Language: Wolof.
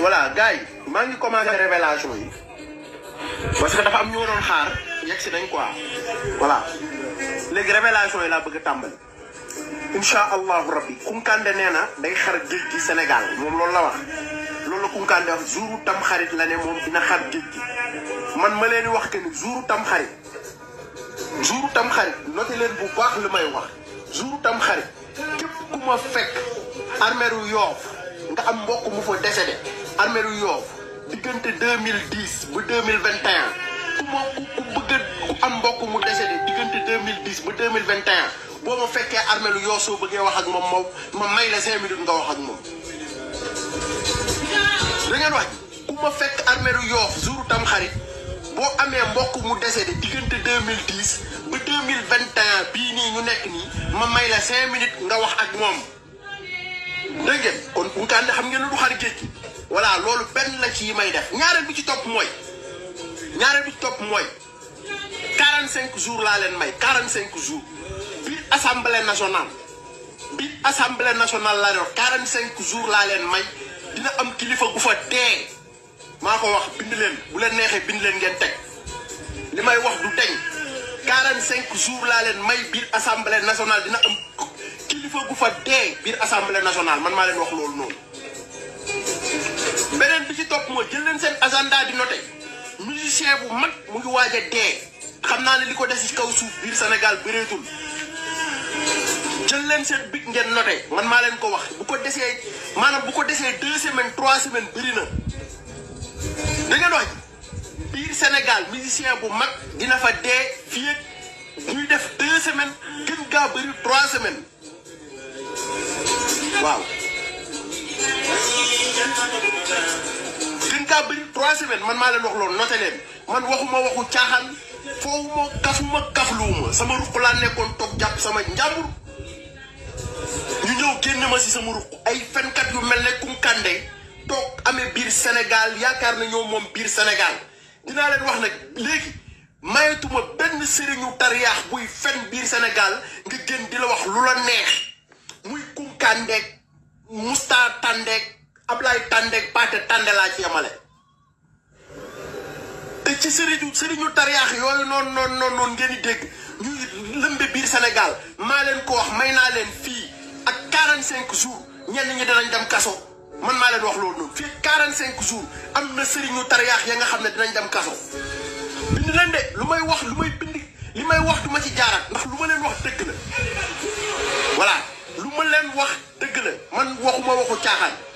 voilà gars yi maa ngi commencé révélation yi parce que dafa am ñu waroon xaar yegg si nañ quoi voilà léegi révélation yi laa bëgg a tàmbali incha allahu rabbi kunkande nee na day xar géej gi Sénégal moom loolu la wax loolu la kunkande wax la ne moom dina xar géej man ma leen di wax que ni jouru tam xarit jouru tam xarit noté bu baax li may wax jouru tam xarit képp ku ma fekk armeeru Yoof nga am mbokk mu fa de armeeru Yoff diggante 2010 ba 2021 ku ma ku bëgg a am mbokk mu décédé diggante 2010 ba 2021 boo ma fekkee armeelu Yoff soo bëggee wax ak moom moom ma may la cinq minutes nga wax ak moom da wax ku ma fekk armeelu Yoff jour tam xarit boo amee mbokk mu décédé diggante 2010 ba 2021 bii nii ñu nekk nii ma may la cinq minutes nga wax ak moom dégg ngeen kon bu tànn xam ngeen lu du xar géej voilà loolu benn la ci yi may def ñaareel bi ci topp mooy ñaareel bi ci topp mooy 45 jour laa leen may 45 jours biir assemblée nationale biir assemblée nationale laa yor 45 laa leen may dina am kilifa gu fa ko wax bind leen bu leen neexee bind leen ngeen teg li may wax du deñ 45 jours laa leen may biir assemblée nationale dina am kilifa gu fa dee biir assemblée nationale man maa leen wax loolu noonu. beneen bi ci topp mooy jël leen seen agenda di noté musicien bu mag mu ngi waaj a dee xam naa ne di ko des ci kaw suuf biir Sénégal bëreetul jël leen seen big ngeen note man maa leen ko wax bu ko desee maanaam bu ko desee deux semaines trois semaines bëri na da ngeen wax biir Sénégal musicien bu mag dina fa dee fii ak ñuy def deux semaines gën gaa bëri trois semaines waaw. naa bëri trois semaines man maa leen wax loolu noté leen man waxuma waxu caaxaan foofu ma kafuma kafluwuma sama ruq laa nekkoon toog jàpp sama njàmbur ñu ñëw génn ma si sama ruq ay fenkat yu mel ne kànde toog amee biir Sénégal yaakaar na ñoo moom biir Sénégal dinaa leen wax nag léegi mayetuma benn sëriñu tariyaax buy fen biir Sénégal nga génn di la wax lu la neex muy Kunkandeeg Musta Tandeeg Ablaye Tandeeg Paate Tande laa ci yamale ci sëriñu sëriñu tariyaax yooyu noonu noonu noon noonu ngeen di dégg ñuy lëmbe biir Sénégal maa leen ko wax may naa leen fii ak 45 jours ñenn ñi danañ dem kaso man maa leen wax loolu noonu. fii 45 jours am na sëriñu tariyaax ya nga xam ne danañ dem kaso bind leen de lu may wax lu may bind li may wax du ma ci jaaraat ndax lu ma leen wax dëgg la voilà lu ma leen wax dëgg la man waxuma waxu caaxaan.